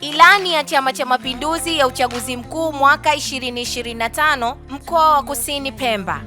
Ilani ya Chama cha Mapinduzi ya uchaguzi mkuu mwaka 2025 mkoa wa Kusini Pemba.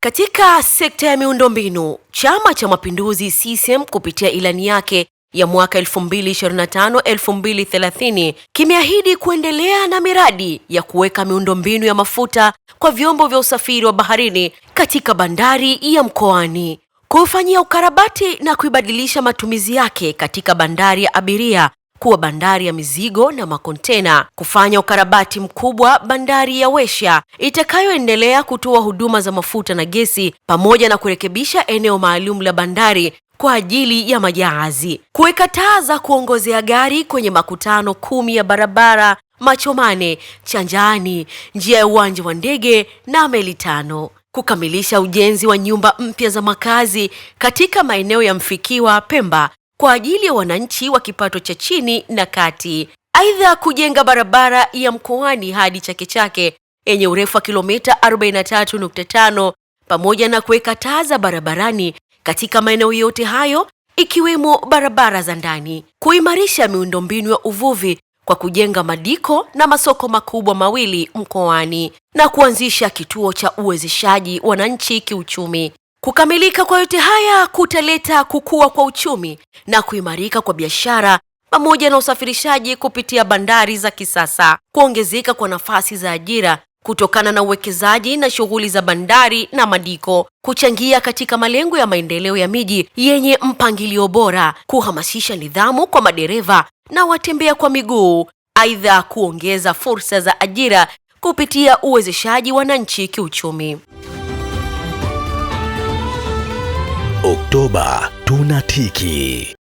Katika sekta ya miundombinu, Chama cha Mapinduzi CCM kupitia ilani yake ya mwaka 2025-2030 kimeahidi kuendelea na miradi ya kuweka miundombinu ya mafuta kwa vyombo vya usafiri wa baharini katika bandari ya Mkoani kufanyia ukarabati na kuibadilisha matumizi yake katika bandari ya abiria kuwa bandari ya mizigo na makontena, kufanya ukarabati mkubwa bandari ya Wesha itakayoendelea kutoa huduma za mafuta na gesi, pamoja na kurekebisha eneo maalum la bandari kwa ajili ya majahazi, kuweka taa za kuongozea gari kwenye makutano kumi ya barabara Machomane, Chanjani, njia ya uwanja wa ndege na meli tano kukamilisha ujenzi wa nyumba mpya za makazi katika maeneo ya Mfikiwa, Pemba kwa ajili ya wananchi wa kipato cha chini na kati. Aidha, kujenga barabara ya Mkoani hadi Chake Chake yenye urefu wa kilomita 43.5 pamoja na kuweka taa za barabarani katika maeneo yote hayo ikiwemo barabara za ndani, kuimarisha miundombinu ya uvuvi kwa kujenga madiko na masoko makubwa mawili mkoani na kuanzisha kituo cha uwezeshaji wananchi kiuchumi. Kukamilika kwa yote haya kutaleta kukua kwa uchumi na kuimarika kwa biashara pamoja na usafirishaji kupitia bandari za kisasa, kuongezeka kwa nafasi za ajira kutokana na uwekezaji na shughuli za bandari na madiko, kuchangia katika malengo ya maendeleo ya miji yenye mpangilio bora, kuhamasisha nidhamu kwa madereva na watembea kwa miguu, aidha kuongeza fursa za ajira kupitia uwezeshaji wananchi kiuchumi. Oktoba tunatiki.